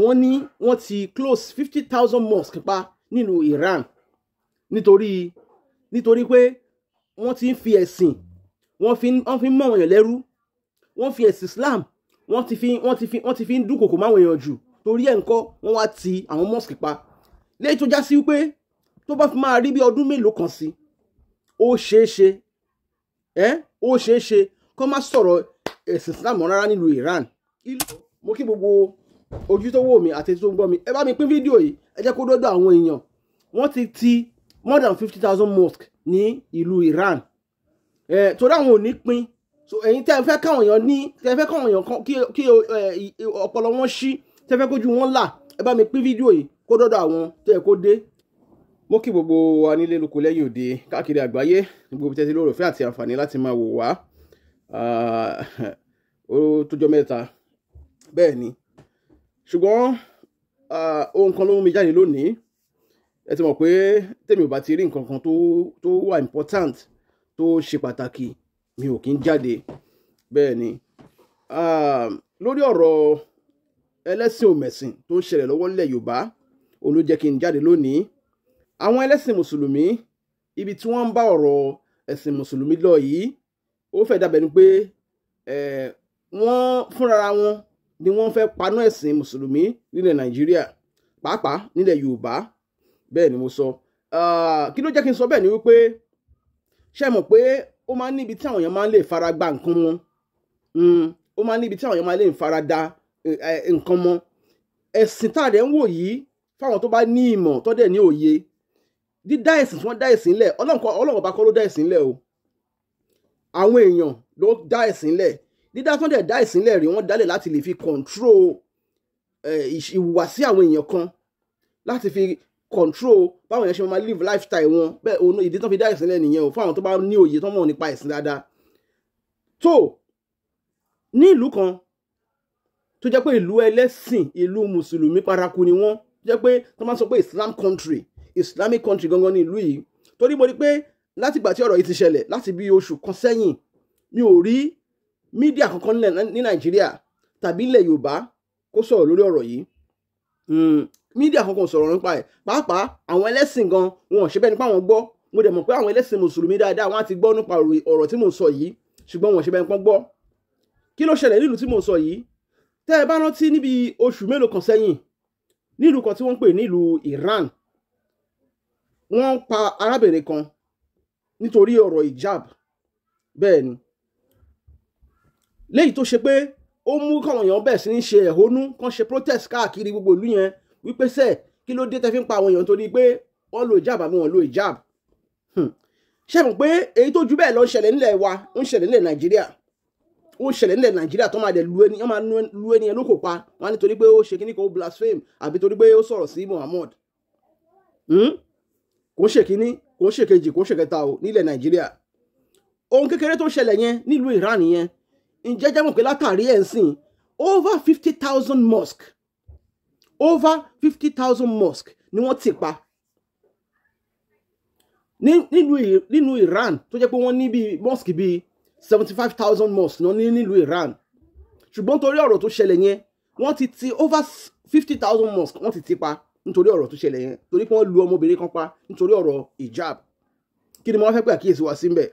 wọ́n ní wọ́n ti close fifty thousand mosque pa nílùú Iran nítorí nítorí pé wọ́n ti ń fi ẹ̀sìn wọ́n fi wọ́n fi ń mọ̀ wọ̀nyàn lẹ́rú wọ́n fi ẹ̀sìn Islam wọ́n ti fi wọ́n ti fi wọ́n ti fi ń dúnkòkò máwọn èèyàn jù torí ẹ̀ ńkọ́ wọ́n wá ti àwọn mosque pa léyìí tó já sí wípé tó bá fi máa rí bí ọdún mélòó kan sí ó ṣeé ṣe ẹ ó ṣeé ṣe kó má sọ̀rọ̀ ẹ̀sìn Islam rárá nílùú Iran mo kí gbogbo ojú tó wò mí àti tó ń gbọ́ mi ẹ bá mi pín fídíò yìí ẹ jẹ́ kó dọ́dọ̀ àwọn èèyàn wọ́n ti ti more than fifty thousand mosque ní ìlú Iran ẹ torí àwọn ò ní pín so ẹ̀yin tẹ́ ẹ fẹ́ káwọn èèyàn ní tẹ́ ẹ fẹ́ káwọn èèyàn kí ọpọlọ wọn ṣí tẹ́ ẹ fẹ́ kójú wọn là ẹ bá mi pín fídíò yìí kó dọ́dọ̀ àwọn tó yẹ kó dé mo kí gbogbo wa nílé lóko lẹ́yìn òde káàkiri àgbáyé gbogbo ah, tó jọ mẹ́ta bẹ́ẹ̀ ni ṣùgbọ́n ohun kan ló mú mi jáde lónìí ẹ ti mọ̀ pé tèmi ò bá ti rí nǹkan kan tó wà important tó ṣe pàtàkì mi ò kí ń jáde bẹ́ẹ̀ ni lórí ọ̀rọ̀ ẹlẹ́sìn òmẹ̀sìn tó ń ṣẹlẹ̀ lọ́wọ́ nílẹ̀ Yorùbá òun ló jẹ́ kí n jáde lónìí àwọn ẹlẹ́sìn mùsùlùmí ibi tí wọ́n ń bá ọ̀rọ̀ ẹ̀sìn mùsùlùmí lọ yìí ó fẹ́ dàbẹ̀ pé wọ́n fúnra wọn ni wọ́n fẹ́ paná ẹ̀sìn mùsùlùmí nílẹ̀ nàìjíríà pàápàá nílẹ̀ yorùbá bẹ́ẹ̀ ni mo sọ ah, kí ló jẹ́ kí n sọ bẹ́ẹ̀ ni wípé ṣe mọ̀ pé ó máa ń níbi tí àwọn èèyàn máa ń lè fara gba nǹkan wọn hmm, ó máa ń níbi tí àwọn èèyàn máa lè fara da eh, eh, nǹkan wọn ẹ̀sìn tá a rẹ̀ ń wò yìí fáwọn tó bá ní ìmọ̀ tó dẹ̀ ní òye dídá ẹ̀sìn tí wọ́n dá ẹ̀sìn lẹ̀ ọlọ́run ọba kọ́ ló dá ẹ̀sìn lẹ̀ o àwọn èèyàn ló dá ẹ̀sìn lẹ̀ dídá tó ń dẹ̀ dá ìsínlẹ̀ rí wọ́n dálẹ̀ láti lè fi Control. ìhùwàsí àwọn èèyàn kan láti fi control. báwọn èèyàn ṣe máa live lifestyle wọn bẹ́ẹ̀ òun ìdí tó fi dá ìsínlẹ̀ nìyẹn o fún àwọn tó bá ní òye tó mọ̀ nípa ìsìn dáadáa tó ní ìlú kan tó jẹ́ pé ìlú ẹlẹ́sìn ìlú mùsùlùmí paraku ni wọ́n tó jẹ́ pé tó máa sọ pé Islam country Islamic country gangan ní ìlú yìí torí mo rí pé látìgbà tí ọ̀rọ̀ yìí ti ṣẹlẹ̀ láti bí oṣù kan sẹ́yìn mi ò rí mídíà kankan ní nàìjíríà tàbí ilẹ̀ yorùbá kó sọ̀rọ̀ lórí ọ̀rọ̀ yìí mídíà hmm, kankan sọ̀rọ̀ nípa ẹ̀ pàápàá àwọn ẹlẹ́sìn gan wọn ò ṣe bẹ́ẹ̀ nípa àwọn gbọ́ mo dẹ̀ mọ̀ pé àwọn ẹlẹ́sìn mùsùlùmí dáadáa wọn á ti gbọ́ nípa ọ̀rọ̀ tí mò ń sọ yìí ṣùgbọ́n wọn ò ṣe bẹ́ẹ̀ nípa gbọ́ kí ló ṣẹlẹ̀ nílùú tí mò ń sọ yìí tẹ́ ẹ bá rántí níbi oṣù mélòó kan sẹ́yìn nílùú kan tí wọ́n pè nílùú Iran wọ́n pa arábìnrin kan nítorí ọ̀rọ̀ hijab bẹ́ẹ̀ ni léyìí tó ṣe pé ó mú káwọn èèyàn bẹ̀ sí ní ṣe ẹ̀hónú kán ṣe protest káàkiri gbogbo ìlú yẹn wípé sẹ́ kí ló dé tẹ́ fi ń pa àwọn èèyàn torí pé wọ́n lo ìjáàbù àbí wọ́n lo ìjáàbù hmm. ṣe mọ̀ pé èyí tó ju bẹ́ẹ̀ lọ ń ṣẹlẹ̀ nílẹ̀ wa ń ṣẹlẹ̀ nílẹ̀ Nàìjíríà ó ṣẹlẹ̀ nílẹ̀ Nàìjíríà tó máa dẹ̀ lu ẹni máa lu ẹni ẹ lóko pa wọn ni torí pé ó ṣe kíní kan ó blaspheme àbí torí pé ó sọ̀rọ̀ sí Muhammad hmm. kò ń ṣe kíní kò ń ṣe kejì kò ń ṣe kẹta o nílẹ̀ Nàìjíríà ohun kékeré tó ṣẹlẹ̀ yẹn nílùú Iran yẹn ǹjẹ́ jẹ́ mọ̀ pé látàrí ẹ̀ ń sìn over fifty thousand mosque over fifty thousand mosque ni wọ́n ti pa nínú Iran tó jẹ́ pé wọ́n ní bíi mosque bíi seventy five thousand mosque náà ní nílùú Iran ṣùgbọ́n torí ọ̀rọ̀ tó ṣẹlẹ̀ yẹn wọ́n ti ti over fifty thousand mosque wọ́n ti ti pa nítorí ọ̀rọ̀ tó ṣẹlẹ̀ yẹn torí pé wọ́n lu ọmọbìnrin kan pa nítorí ọ̀rọ̀ hijab kí ni mo fẹ́ pé àkíyèsí wa sí mbẹ̀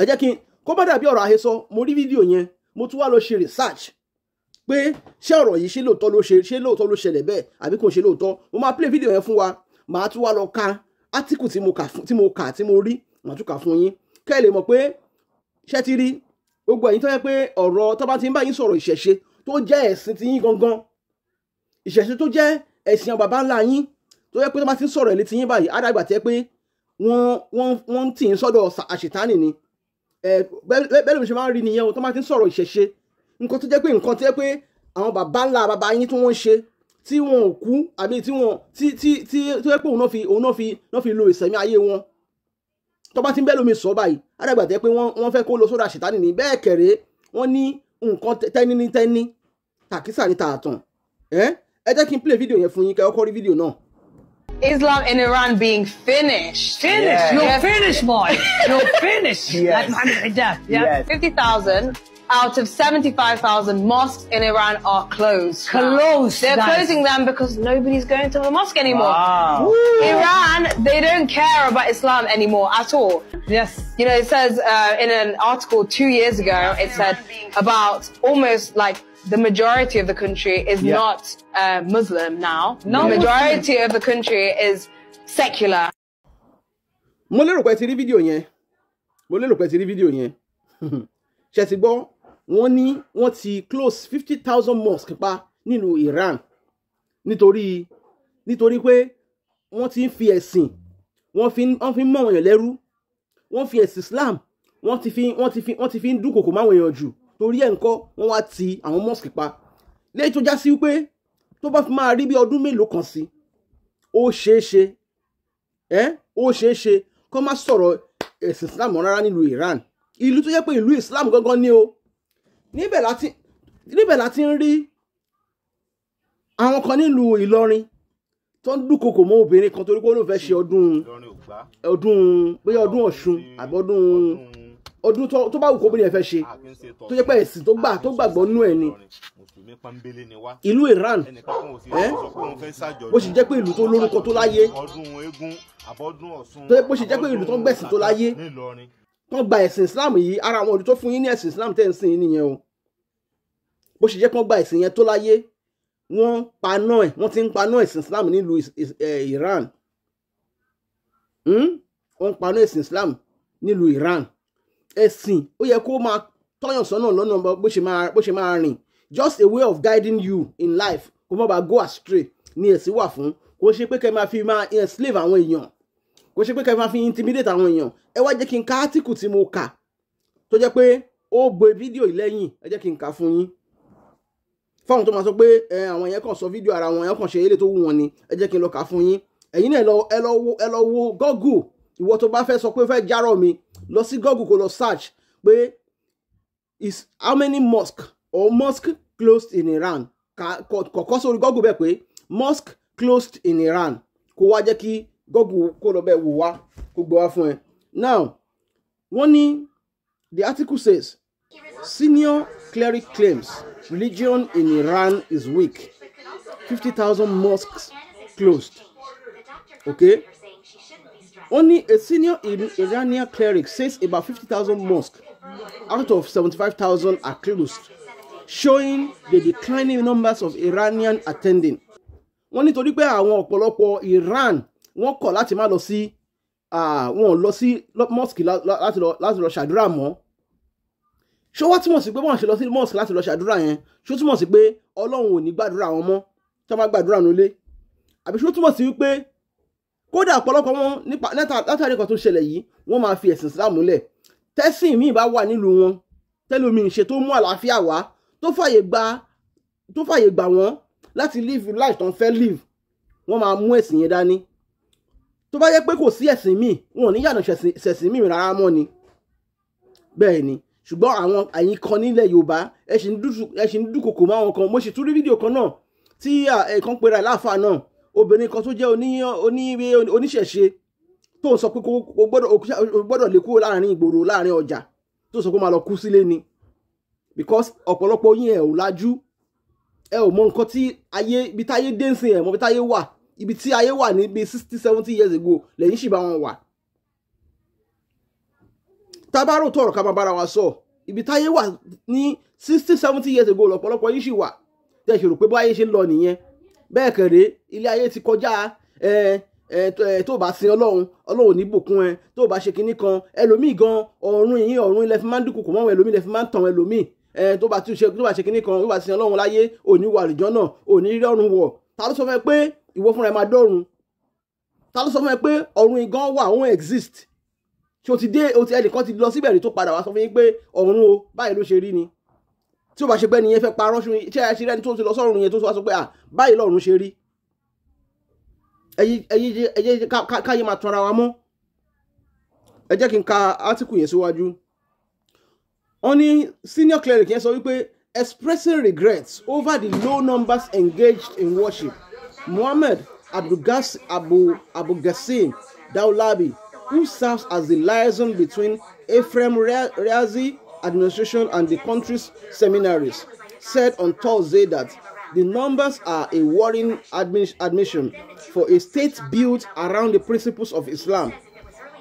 ẹ jẹ́ kí n kó má dàbí ọ̀rọ̀ àhesọ mo rí fídíò yẹn mo tún wá lọ ṣe research pé ṣé ọ̀rọ̀ yìí ṣé lóòótọ́ ló ṣe ṣé lóòótọ́ ló ṣẹlẹ̀ bẹ́ẹ̀ àbí kò ṣe lóòótọ́ mo máa play fídíò yẹn fún wa màá tún wá lọ ka átíkù tí mo kà tí mo kà tí mo rí màá tún kà fún yín kẹ́ ẹ lè mọ̀ pé ṣé ti rí gbogbo ẹ̀yin tó yẹ pé ọ̀rọ̀ tó bá ti ń bá yín sọ̀rọ̀ ìṣẹ̀ṣe tó jẹ́ ẹ̀sìn ti yín gangan ìṣẹ̀ṣe tó jẹ́ ẹ̀sìn àwọn baba ńlá yín tó yẹ pé tó bá ti ń sọ̀rọ̀ ẹ̀ létí yín báyìí á dàgbà tẹ́ pé wọ́n wọ́n wọ́n tì ń sọ́dọ̀ àṣetánì ni bẹ́ẹ̀ lómi ṣe máa ń rí nìyẹn o tó máa ti ń sọ̀rọ̀ ìṣẹ̀ṣe nǹkan tó jẹ́ pé nǹkan tó jẹ́ pé àwọn bàbá ńlá bàbá yín tí wọ́n ń ṣe tí wọn ò kú àbí tí wọn tí tí tí tó jẹ́ pé òun náà fi òun náà fi náà fi lo ìsẹ̀mí ayé wọn tó bá ti ń bẹ́ẹ̀ lómi sọ báyìí àdàgbà tẹ́ pé wọ́n wọ́n fẹ́ kó lọ sódà ṣètánì ní bẹ́ẹ̀ kẹ̀rẹ́ wọ́n ní nǹkan tẹ́ni ní tẹ́ni tàkísà ní tààtàn ẹ ẹ jẹ́ kí n play fídíò yẹn fún yín kẹ́ ọkọ rí fídíò náà. Islam and Iran being finished. Finished. You're yes. finished, boy. You're finished. yes. Like yeah. yes. 50,000 out of 75,000 mosques in Iran are closed. Closed. They're nice. closing them because nobody's going to the mosque anymore. Wow. Iran, they don't care about Islam anymore at all. Yes. You know, it says uh, in an article two years ago, it said about almost like the majority of the country is yeah. not uh, Muslim now. No, the majority of the country is secular. mo lérò pé ti rí fídíò yẹn mo lérò pé ti rí fídíò yẹn ṣe ti gbọ́ wọ́n ní wọ́n ti close fifty thousand mosque pa nínú Iran Nitori, nitori pé wọ́n ti ń fi ẹ̀sìn wọ́n fi wọ́n fi ń mọ̀ wọ̀nyàn lẹ́rú fi ẹ̀sìn Islam wọ́n ti fi wọ́n ti fi wọ́n ti fi ń dúnkòkò máwọn èèyàn jù torí ẹ̀ ń kọ́ wọ́n wá ti àwọn mosque pa lẹ́yìn tó já sí wípé tó bá fi máa rí bí ọdún mélòó kan sí ó ṣeé ṣe ẹ́ ó ṣeé ṣe kó má sọ̀rọ̀ ẹ̀sìn Islam rárá nílùú Iran ìlú tó yẹ pé ìlú Islam gangan ni o níbẹ̀ láti níbẹ̀ láti ń rí àwọn kan nílùú Ìlọrin tó ń dúnkokò mọ́ obìnrin kan torí pé ó ló fẹ́ ṣe ọdún ọdún bóyá ọdún Ọ̀ṣun àbí ọdún tó bá wù kó bóni ẹ fẹ́ ṣe ah, tó jẹ́ pé ẹ̀sìn tó gbà tó gbàgbọ́ nú ẹ̀ ni ìlú Iran bó ṣe jẹ́ pé ìlú tó lórúkọ tó láyé tó bó ṣe jẹ́ pé ìlú tó ń gbẹ̀sìn tó láyé tó gba ẹ̀sìn Islam yìí ara àwọn ọdún tó fún yín ní ẹ̀sìn Islam tẹ̀ ń sìn nìyẹn o bó ṣe jẹ́ pé wọ́n gba ẹ̀sìn yẹn tó láyé wọ́n paná ẹ̀ wọ́n ti ń paná ẹ̀sìn Islam nílùú eh, Iran hmm? wọ́n paná ẹ̀sìn Islam nílùú Iran ẹ̀sìn ó yẹ kó máa tọ́yàn sọ́nà lọ́nà bó ṣe máa bó rìn just a way of guiding you in life kó má bàa go astray ni ẹ̀sìn wà fún kó ṣe pé kẹ́ máa fi máa enslave àwọn èèyàn kó ṣe pé kẹ́ máa fi intimidate àwọn èèyàn ẹ wá jẹ́ kí n ka átíkù tí mo kà tó jẹ́ pé ó gbé fídíò yìí lẹ́yìn ẹ jẹ́ kí n kà fún yín fáwọn tó máa sọ pé àwọn yẹn kàn sọ fídíò ara wọn yẹn kàn ṣe eré tó wù wọn ni ẹ jẹ́ kí n lọ kà fún yín ẹ̀yin náà ẹ lọ wo Google ìwọ tó bá fẹ́ sọ pé fẹ́ járọ̀ mi lọ sí Google kó lọ search pé is how many mosque or mosque closed in Iran kọ̀ọ̀kan sórí Google bẹ́ẹ̀ pé mosque closed in Iran kó wá jẹ́ kí Google kó lọ bẹ́ẹ̀ wò wá kó gbọ́ wá fún ẹ. now wọ́n ní the article says senior cleric claims religion in Iran is weak fifty thousand mosques closed okay. Only a senior Iranian cleric says about 50,000 mosques out of 75,000 are closed, showing the declining numbers of Iranian attending. Wọ́n nítorí pé àwọn ọ̀pọ̀lọpọ̀ Iran wọ́n kọ̀ láti má lọ sí wọn lọ sí mosque láti lọ ṣàdúrà mọ́. Ṣé wọ́n túmọ̀ sí pé wọ́n ṣe lọ sí mosque láti lọ ṣàdúrà yẹn? Ṣé ó túmọ̀ sí pé Ọlọ́run ò ní gbàdúrà wọn mọ́ tí wọ́n bá gbàdúrà nílé? Àbí ṣé ó túmọ̀ sí wípé kódà ọ̀pọ̀lọpọ̀ wọn nípa látàrí kan tó ṣẹlẹ̀ yìí wọ́n máa fi ẹ̀sìn Islam lẹ̀ tẹ́sìn míì bá wà nílùú wọn tẹ́lómi ìṣe tó mú àlàáfíà wá tó fàyè gbà tó fàyè gbà wọ́n láti live life tó ń fẹ́ live wọ́n máa mú ẹ̀sìn yẹn dání tó bá yẹ pé kò sí ẹ̀sìn míì wọn ò ní yànnà ṣẹ̀sìn míì rárá mọ́ ni bẹ́ẹ̀ ni ṣùgbọ́n àwọn àyín kan nílẹ̀ Yorùbá ẹ ṣì ń dúkòkò máwọn kan mo sì tún rí fídíò kan náà tí ẹ̀kan pera ẹ̀ láàfáà náà obìnrin kan tó jẹ́ oníṣẹ̀ṣe tó ń sọ pé kò gbọ́dọ̀ lè kúrò láàrin ìgboro láàrin ọjà tó sọ pé máa lọ kú sílé ni because ọ̀pọ̀lọpọ̀ yín ẹ̀ ò lajú ẹ ò mọ nǹkan tí ayé ibi táyé dé ń sìn ẹ̀ mọ ibi táyé wà ibi tí ayé wà ní bíi sixty seventy years ago lẹ́yìn sì bá wọn wà. tábàrò tọrọ ká máa bára wa sọ ibi táyé wà ní sixty seventy years ago lọ́pọ̀lọpọ̀ yín sì wà tẹ̀ ṣe rò pé báyé ṣe ń lọ nìyẹn bẹ́ẹ̀ kẹ̀rẹ́ ilé ayé ti kọjá ẹ ẹ tó bá sin ọlọ́run ọlọ́run ní bùkún ẹ tó bá ṣe kinní kan ẹlòmíì gan ọ̀run yìí ọ̀run ilẹ̀ fi máa ń dúnkù kò mọ́ ẹlòmíì ilẹ̀ fi máa ń tàn ẹlòmíì ẹ tó bá tún ṣe tó bá ṣe kinní kan tó bá sin ọlọ́run láyé òní wà àlùjọ náà òní rí ọ̀run wọ̀ ta ló sọ fún ẹ pé ìwọ fúnra ẹ máa dọ̀run ta ló sọ fún ẹ pé ọ̀run igan wà òun exist ṣé o ti dé ẹnìkan ti lọ síbẹ̀ rí tó padà wá sọ fún yín pé ọ̀run o báyìí ló ṣe rí ni tí ó bá ṣe pé nìyẹn fẹ́ parọ́ ṣe ṣe ẹ ṣe rẹ́ni tó ti lọ sọ́run yẹn tó wá pé báyìí lọ́run ṣe rí ẹyẹ káyé máa tọra wa mọ́ ẹ jẹ́ kí n ka átíkù yẹn síwájú wọ́n ní senior cleric yẹn sọ wípé expressing regrets over the low numbers engaged in worship Mohammed abdulgas abu abulgasim daulabi who serves as the liaison between Ephraim Re Administration and the country's seminaries said on Thursday that the numbers are a worrying admi admission for a state built around the principles of Islam.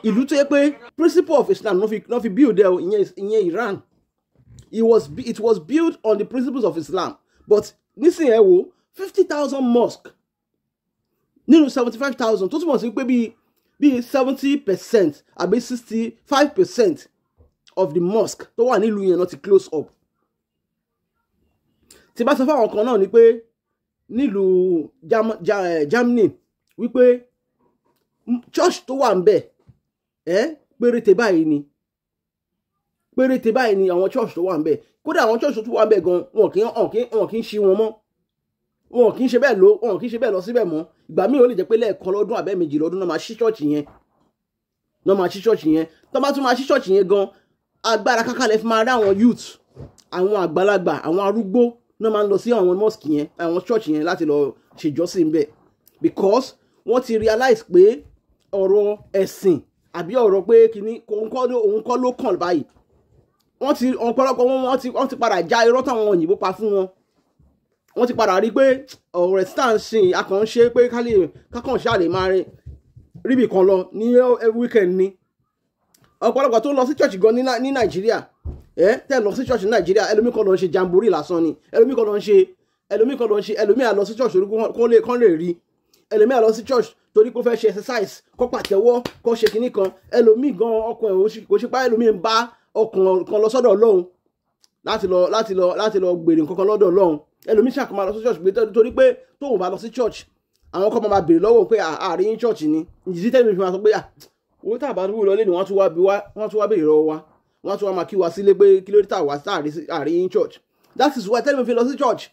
Ìlú tó yẹ pé principle of Islam no fi no fi build ẹ o ìyẹn Iran. It was it was built on the principles of Islam but nísìnyẹ wo fifty thousand mosque nínú seventy five thousand tó túmọ̀ sí pé bíi bíi seventy percent àbí sixty five percent of the mosque tó wà nílùú yẹn náà ti close up tí bá sọ fáwọn kan náà ni pé nílùú eh, Germany wípé church tó wà ń bẹ̀ ẹ́ péréte báyìí ni péréte báyìí ni àwọn church tó wà ń bẹ̀ kódà àwọn church tó wà ń bẹ̀ gan wọn kì í wọn kì í ṣí wọn mọ́ wọn kì í ṣe bẹ́ẹ̀ lọ wọn kì í ṣe bẹ́ẹ̀ lọ síbẹ̀ mọ́ ìgbà míì ó lè jẹ́ pé lẹ́ẹ̀kan lọ́dún àbẹ́ẹ̀mejì lọ́dún náà máa ṣí church yẹn náà máa ṣí ṣọ́ọ̀ṣì yẹn tó bá tún máa ṣí ṣọ́ọ̀ṣì yẹn gan agbára kankan lè fi máa rí àwọn youth àwọn àgbàlagbà àwọn arúgbó náà máa ń lọ sí àwọn mosque yẹn àwọn church yẹn láti lọ ṣèjọ́sìn bẹ́ẹ̀ because wọ́n ti realize pé ọ̀rọ̀ ẹ̀sìn àbí ọ̀rọ̀ pé kìíní òun kọ́ ló kàn báyìí wọ́n ti ọ̀pọ̀lọpọ̀ wọn wọ́n ti padà já irọ́ táwọn òyìnbó pa fún wọn wọ́n ti padà rí pé ọ̀rọ̀ ẹ̀sìn tá à ń sìn akàn ń ṣe pé kákàn ṣáà lè máa ríbi kan lọ ní weekend ni ọ̀pọ̀lọpọ̀ tó lọ sí church gan ní nàìjíríà ẹ tẹ́ lọ sí church ní nàìjíríà ẹlòmíì kan lọ ń ṣe jamboree lásán ni ẹlòmíì kan lọ ń ṣe ẹlòmíì kan lọ ń ṣe ẹlòmíì àlọ sí church orúkọ kán lè rí ẹlòmíì àlọ sí church torí kó fẹ́ ṣe exercise kó pàtẹ́wọ́ kó ṣe kinní kan ẹlòmíì gan ọkọ ẹ̀ kò ṣe pa ẹlòmíì ń bá ọkàn kan lọ sọ́dọ̀ ọlọ́run láti lọ láti lọ láti lọ gbèrè nǹkan kan lọ́dọ̀ ọlọ́run ẹlòmíì ṣàkóso lọ sí church pé torí pé tóun bá church àwọn kan máa béèrè lọ́wọ́ church owó tá a bá wò lọlé ni wọ́n tún wá bí wá wọ́n tún wá béèrè lọ́wọ́ wa wọ́n tún wá máa kí wa sílé pé kí ló dé tá a wá sáàrin in church that is why tẹ́lẹ̀mí fi lọ sí church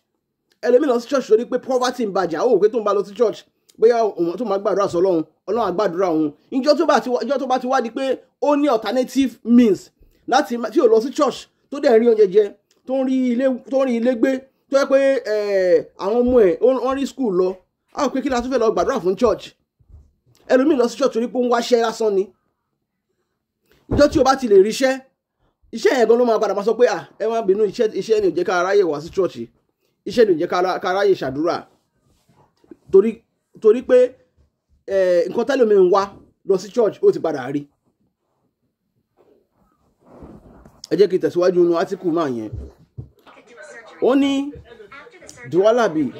ẹlẹ́mí lọ sí church torí pé poverty ń bàjá ó pé tó ń bá lọ sí church bóyá òun tó máa gbàdúrà sọ lọ́hùn ọlọ́run àgbàdúrà òun ìjọ tó bá ti wá di pé ó ní alternative means láti tí ò lọ sí church tó dẹ̀ rí oúnjẹ jẹ tó ń rí ilé tó ń rí ilé gbé tó yẹ pé eh, àwọn ọmọ ẹ̀ wọ́n rí school lọ á pé kí la tún fẹ́ lọ gbàdúrà fún church ẹlòmíì lọ sí ṣọ́ọ̀ṣì torí pé ń wáṣẹ́ lásán ni ìjọ tí o bá ti lè ríṣẹ́ iṣẹ́ yẹn gan ló máa padà máa sọ pé ẹ má bínú iṣẹ́ ni ò jẹ́ ká wá sí ṣọ́ọ̀ṣì iṣẹ́ ni ò jẹ́ ká ṣàdúrà torí pé nǹkan tẹ́lẹ̀ mi ń wá lọ sí church ó ti padà rí ẹ jẹ́ kí n tẹ̀síwájú inú átíkù máa yẹn ó ní Dualabi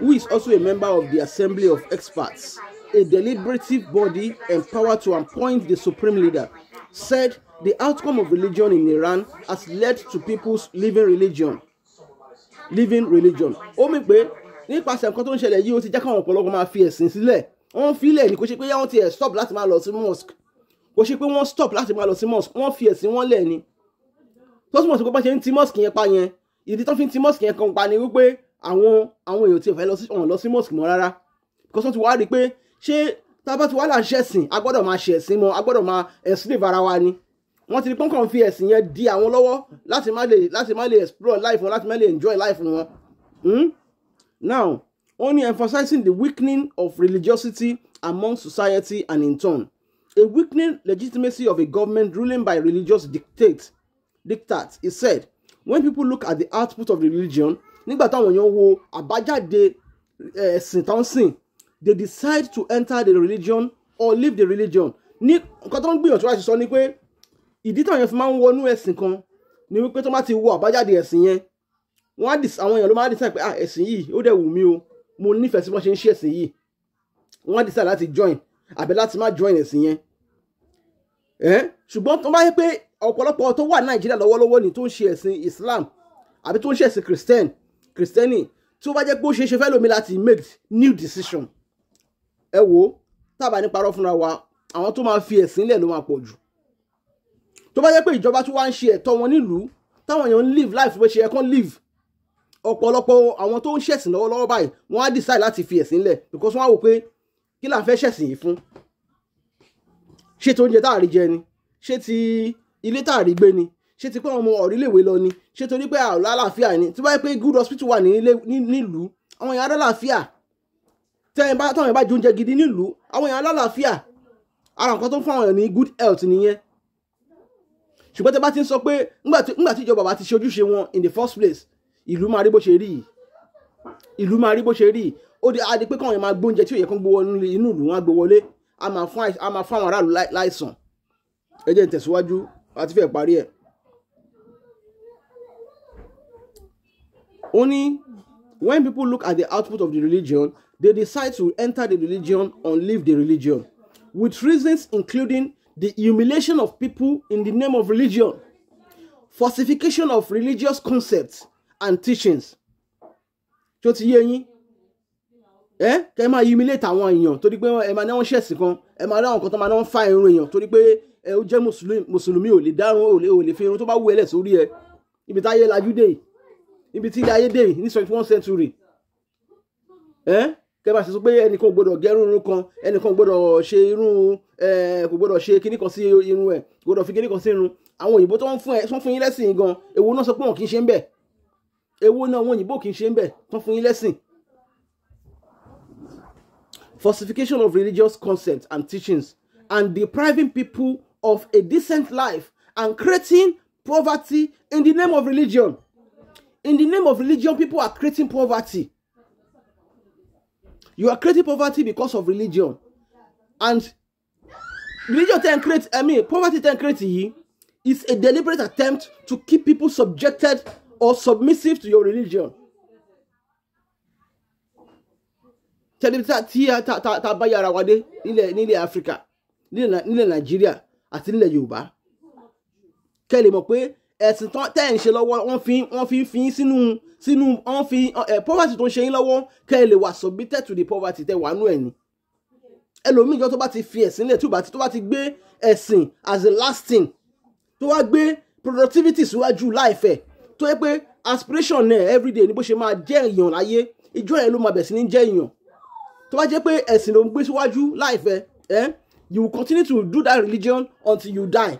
who is also a member of the Assembly of Experts a deliberative body empowered to appoint the supreme leader, said the outcome of religion in Iran has led to people's living religion. living religion. Ó mì pé nípasẹ̀ nǹkan tó ń ṣẹlẹ̀ yìí ó ti jẹ́ káwọn ọ̀pọ̀lọpọ̀ máa fi ẹ̀sìn sílẹ̀. Wọ́n fi ilẹ̀ ní kò ṣe pé yáwọ́n ti ẹ̀ stop láti máa lọ sí mosque. Kò ṣe pé wọ́n stop láti máa lọ sí mosque. Wọ́n fi ẹ̀sìn wọn lẹ̀ ni. Tó túmọ̀ sí pé bá ṣe ń ti mosque yẹn pa yẹn. Ìdí tó fi ń ti mosque yẹn kan pa ni wípé àwọn àwọn èèyàn ti fẹ́ lọ sí mosque mọ́ rárá. Because wọ́n ti wá rí i pé ṣé tábà tí wàhálà ṣẹ̀sìn a gbọ́dọ̀ máa ṣẹ̀sìn mọ́ a gbọ́dọ̀ máa enslave ara wa ni wọ́n ti ní pọ́nkàn fi ẹ̀sìn yẹn di àwọn lọ́wọ́ láti má lè láti má lè explore life wọn láti má lè enjoy life wọn. Hmm? now only emphasizing the weakening of religiosity among society and in turn a weakening legitimacy of a government ruling by religious dictate dictat is said when people look at the output of the religion nígbà táwọn èèyàn wo àbájáde eh, ẹ̀sìn táwọn sìn they decide to enter the religion or leave the religion ní nǹkan tó ń gbìyànjú láti sọ ni pé ìdí táwọn èèyàn fi máa ń wọnú ẹ̀sìn kan ni wípé tó bá ti wọ àbájáde ẹ̀sìn yẹn wọ́n á àwọn èèyàn ló máa ń decide ah ẹ̀sìn yìí ó dẹ̀ wù mí o mo nífẹ̀ẹ́ sí wọ́n ṣe ń ṣe ẹ̀sìn yìí wọ́n á decide láti join àbí láti má join ẹ̀sìn yẹn ṣùgbọ́n tó bá yẹ pé ọ̀pọ̀lọpọ̀ tó wà Nàìjíríà lọ́wọ́lọ́wọ́ ni tó ń ṣe ẹ̀sìn Islam àbí tó ń ṣe ẹ̀sìn Christian Christian tí ó bá jẹ́ pé ó ṣeé fẹ́ lómi láti make new decision ẹ wo tábà ní parọ́ fúnra wa àwọn tó máa fi ẹ̀sìn lẹ̀ ló máa pọ̀ jù tó bá jẹ́ pé ìjọba tí wàá ń ṣe ẹ̀tọ́ wọn nílùú táwọn èèyàn ń live life bó ṣe yẹ kán live ọ̀pọ̀lọpọ̀ àwọn tó ń ṣẹ̀sìn lọ́wọ́lọ́wọ́ báyìí wọ́n á decide láti fi ẹ̀sìn lẹ̀ because wọ́n á wò pé kí là ń fẹ́ ṣẹ̀sìn yìí fún ṣé ti oúnjẹ táàrí jẹ ni ṣé ti ilé táàrí gbé ni ṣé ti pé àwọn ọmọ ọ̀rílẹ̀wé lọ ni ṣé torí pé àlàáfíà ni tí wọ́n bá yẹ pé good hospital wà nílùú àwọn èèyàn á dá láàfíà tẹ́yìn bá táwọn ìbá jẹ gidi nílùú àwọn èèyàn alálàáfíà ara nǹkan tó fún àwọn èèyàn ní good health nìyẹn ṣùgbọ́n tẹ́ bá ti ń sọ pé ńgbà tí ìjọba bá ti ṣe ojúṣe wọn in the first place ìlú máa rí bó ṣe rí ìlú máa rí bó ṣe rí ó di adi pé káwọn èèyàn máa gbóúnjẹ tí òye kan gbowó inú ìlú wọn á gbowó lé a máa fún àwọn aráàlú láìsàn ẹ jẹ́ n àti fẹ́ parí ẹ̀. ó ní when people look at the output of the religion they decide to enter the religion or leave the religion, with reasons including the humiliation of people in the name of religion, falsification of religious concepts and teachings. tó ti yé yín ẹ kẹ máa humiliate àwọn èèyàn torí pé ẹ máa ní wọn ṣẹ̀sìn kan ẹ máa rí àwọn kan tó máa ní wọn fa irun èèyàn torí pé ẹ ó jẹ́ mùsùlùmí ò lè dárun ò lè ò lè fi irun tó bá wù ẹ́ lẹ̀ sórí ẹ ibi táyé lajú dé ibi tí ilé ayé dé ní twenty one century Eh? kẹ́ bá ṣe sọ pé ẹnìkan ò gbọ́dọ̀ gẹ́rùn irun kan ẹnìkan ò gbọ́dọ̀ ṣe irun kò gbọ́dọ̀ ṣe kinní kan sí irun ẹ̀ kò gbọ́dọ̀ fi kinní kan sí irun àwọn òyìnbó tó ń fún ẹ tó ń fún yín lẹ́sìn gan èwo náà sọ pé wọn kì í ṣe ń bẹ̀ èwo náà àwọn òyìnbó kì í ṣe ń bẹ̀ tó ń fún yín lẹ́sìn. falsification of religious concepts and teachings and depriving people of a decent life and creating poverty in the name of religion in the name of religion people are creating poverty You are creating poverty because of religion. And religion ten create, I mean, poverty ten create yìí is a deliberate attempt to keep people subjected or submissive to your religion. Tẹ́lifíṣà tí ta ta ta bá yàrá wa dé nílẹ̀ nílẹ̀ Áfíríkà nílẹ̀ Nàìjíríà àti nílẹ̀ Yorùbá. Kẹ́ lè mọ̀ pé ẹ̀sìn tẹ́ ẹ̀ ń ṣe lọ́wọ́ wọ́n fi wọ́n fi fi sínú sínú wọ́n fi ẹ̀ poverty tó ń ṣe yín lọ́wọ́ kẹ́ ẹ lè wà submitted to the poverty tẹ́ wà nú ẹ̀ ni ẹlòmíì jọ tó bá ti fi ẹ̀sìn lẹ̀ tó bá ti tó bá ti gbé ẹ̀sìn as a last thing tó wá gbé productivity síwájú láìfẹ́ tó yẹ pé aspiration náà everyday ni bó ṣe máa jẹ́ èèyàn láyé ìjọ yẹn ló máa bẹ̀ sí ní jẹ́ èèyàn tó bá jẹ́ pé ẹ̀sìn ló ń gbé síwájú láìfẹ́ you will continue to do that religion until you die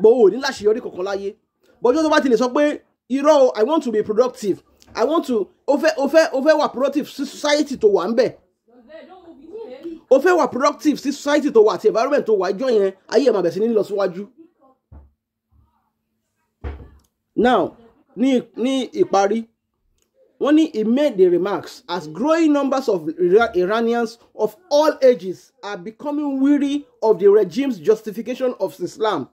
gbòòrò ní láṣeyọrí kankan láyé bọ́jọ́ tó bá ti lè sọ pé irọ́ i want to be productive i want to o fẹ́ o fẹ́ o fẹ́ wà productive sí society tó wà ń bẹ̀ o fẹ́ wà productive sí society tó wà àti environment tó wà ìjọ yẹn ayé ẹ̀ máa bẹ̀ sí ní lọ now ní ní ìparí wọ́n ní he made the remarks as growing numbers of Iranians of all ages are becoming weary of the regime's justification of Islam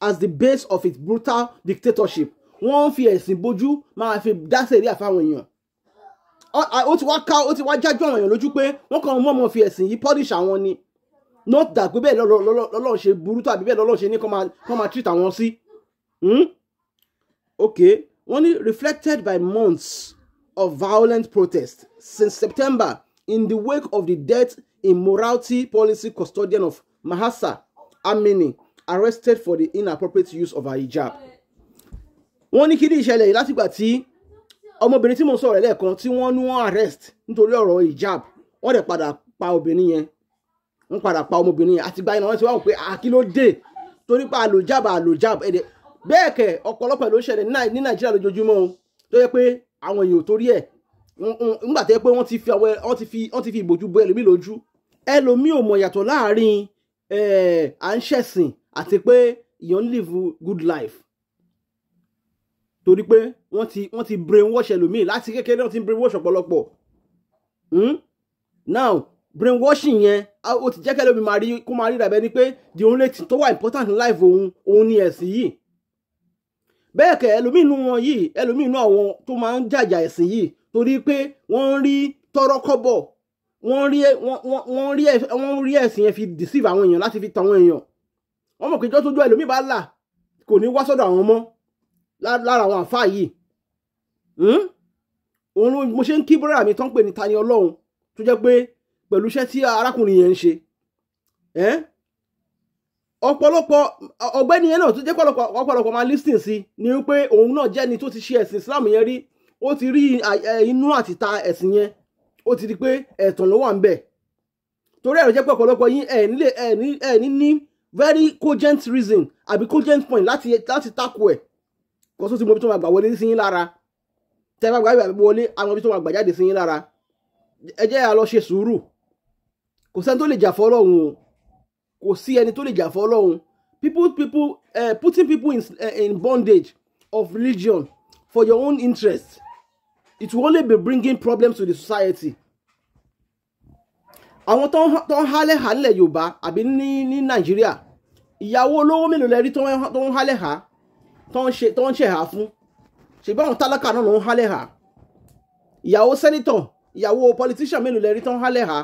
as the base of its brutal dictatorship wọ́n ń fi ẹ̀sìn bojú máa fi dáṣẹ̀rí àfáwọn èèyàn ó ti wá ká ó ti wá jájú àwọn èèyàn lójú pé wọ́n kàn mọ́ ọmọ fi ẹ̀sìn yìí pọ́líṣ àwọn ni not that pé bẹ́ẹ̀ lọ́lọ́run ṣe burú tó àbí bẹ́ẹ̀ lọ́lọ́run ṣe ní kọ́ máa treat àwọn sí. Hmm? okay wọ́n ní reflected by months of violent protest since September in the wake of the death in morality policy custodian of Mahasa Amini arrested for the inappropriate use of her hijab. wọ́n ní kí ni ìṣẹ̀lẹ̀ yìí látìgbà tí ọmọbìnrin tí mo sọ̀rọ̀ lẹ́ẹ̀kan tí wọ́n ní wọ́n arrest nítorí ọ̀rọ̀ hijab wọ́n dẹ̀ padà pa obìnrin yẹn wọ́n padà pa ọmọbìnrin yẹn àtìgbà yẹn wọ́n ti wá wò pé àkí ló dé torí pa àlòjàb àlòjàb ẹ̀dẹ̀ bẹ́ẹ̀ kẹ̀ ọ̀pọ̀lọpọ̀ ló ṣẹlẹ̀ ní nàìjíríà lójoojúmọ́ o tó yẹ pé àwọn èèyàn torí ẹ̀ nígbà tó yẹ pé wọ́n ti fi wọ́n ti fi ìbòjú bo ẹlòmíì lójú ẹlòmíì ò mọ̀ yàtọ̀ láàrin à ń ṣẹ̀sìn àti pé èèyàn live good life torí pé wọ́n ti wọ́n ti brainwash ẹlòmíì láti kékeré wọ́n ti brainwash ọ̀pọ̀lọpọ̀ hmm? now brainwashing yẹn ó ti jẹ́ kẹ́lẹ́ mi máa rí kó máa rí dàbẹ́ ni pé the only thing tó wà important in life òun òun ni ẹ̀sìn yìí bẹ́ẹ̀ kẹ́ ẹlòmíì inú wọn yìí ẹlòmíì inú àwọn tó máa ń jàjà ẹ̀sìn yìí torí pé wọ́n ń rí tọrọ kọ́bọ̀ wọ́n rí ẹ̀sìn yẹn fi deceive àwọn èèyàn láti fi tàn àwọn èèyàn wọ́n mọ̀ pé ìjọ tójú ẹlòmíì bá là kò ní wá sọ́dọ̀ àwọn ọmọ lára àwọn àfáà yìí hmm? òun ló mo ṣe ń kí bọ́dà mi tán pè ní Tani Olohun tó jẹ́ pé pẹ̀lú iṣẹ́ tí arákùnrin yẹn ń ṣe ọ̀pọ̀lọpọ̀ ọ̀gbẹ́ni yẹn náà tó jẹ́ ọ̀pọ̀lọpọ̀ máa lísìn sí ni wípé òun náà jẹ́ ni tó ti ṣe ẹ̀sìn Islam yẹn rí ó ti rí inú àtìta ẹ̀sìn yẹn ó ti di pé ẹ̀tàn ló wà ń bẹ̀ torí ẹ̀rọ jẹ́ pé ọ̀pọ̀lọpọ̀ yín ẹ̀ ní very cogent reason àbí cogent point láti láti tako ẹ̀ kò tó ti mọ ibi tó máa gbà wọlé sí yín lára tẹ́ bá gbà wọlé àwọn ibi tó máa gbà jáde sí yín lára ẹ jẹ́ àlọ́ ṣe sùúrù kò sẹ́ni tó lè jà fọ́lọ́hún o kò sí ẹni tó lè jà fọ́lọ́hún people people uh, putting people in, uh, in bondage of religion for your own interest it will only be bringing problems to the society àwọn tó ń hálẹ̀ hálẹ̀ yorùbá àbí ní ní nàìjíríà ìyàwó olówó mélòó lẹ rí tó ń hálẹ̀ ha tó ń ṣẹ̀há fún ṣèbí àwọn tálákà náà ló ń hálẹ̀ ha ìyàwó sẹ́nitọ̀ ìyàwó pọlitíṣàn mélòó lẹ rí tó ń hálẹ̀ ha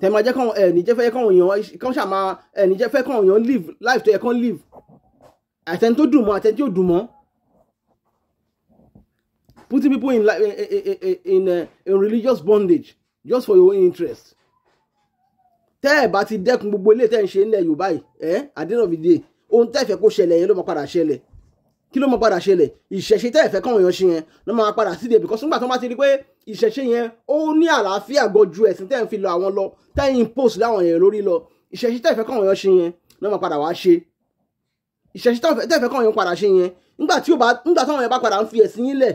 tẹ̀mọ̀ jẹ́ kàn ẹ̀ níjẹ́ fẹ́ kàn èèyàn kàn ṣàmà ẹ̀ níjẹ́ fẹ́ kàn èèyàn live life tó yẹ kàn live àtẹni tó dùn mọ́ àtẹni tí ò dùn mọ́ putting people in, in, in, in, in religious bondage just for your own interest tẹ́ ẹ̀ bá ti dẹ́kun gbogbo ilé tẹ́ ẹ̀ ń ṣe nílẹ̀ yorùbá yìí ẹ̀ àdéhùn fìdí ohun tẹ́ ẹ̀ fẹ́ kó ṣẹlẹ̀ yẹn ló máa padà ṣẹlẹ̀ kí ló máa padà ṣẹlẹ̀ ìṣẹ̀ṣe tẹ́ ẹ̀ fẹ́ káwọn èèyàn ṣe yẹn ló máa padà síde because nígbà tó bá ti rí pé ìṣẹ̀ṣe yẹn ó ní àlàáfíà gan ju ẹ̀sìn tẹ́ ẹ̀ ń fi lọ àwọn lọ tẹ́ ẹ̀ ń post láwọn yẹn lórí lọ ìṣẹ̀ṣe tẹ́ ẹ̀ fẹ́ káwọn èèyàn ṣe yẹn ló máa padà wá ṣe ìṣẹ̀ṣe tẹ́ ẹ̀ fẹ́ káwọn èèyàn padà ṣe yẹn nígbà tí táwọn èèyàn bá padà ń fi ẹ̀sìn yín lẹ̀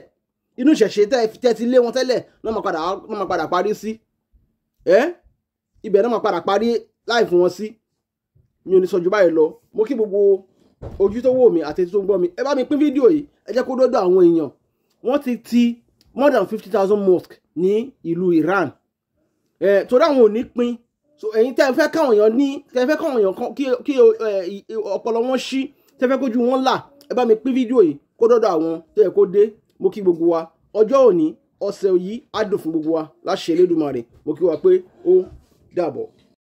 inú ìṣẹ̀ṣe tẹ́ ti lé wọn tẹ́lẹ̀ ló máa padà parí sí ẹ́ ibẹ̀ náà máa padà parí láì fún wọn sí mi ò ní sọ ju báyìí lọ mo kí gbogbo ojú tó wò mí àti tó gbọ́ mi ẹ bá mi pín fídíò yìí ẹ jẹ́ kó dọ́dọ̀ àwọn èèyàn wọ́n ti ti more than fifty thousand mosques. ní ìlú Iran ẹ torí àwọn ò ní pín so ẹ̀yin tẹ́ ẹ fẹ́ káwọn èèyàn ní tẹ́ ẹ fẹ́ káwọn èèyàn kí ọpọlọ wọn ṣí tẹ́ ẹ fẹ́ kójú wọn là ẹ bá mi pín fídíò yìí kó dọ́dọ̀ àwọn tó yẹ kó dé mo kí gbogbo wa ọjọ́ òní ọ̀sẹ̀ yìí á dùn fún gbogbo wa láṣẹ Elédùmarè mo kí wa pé ó double.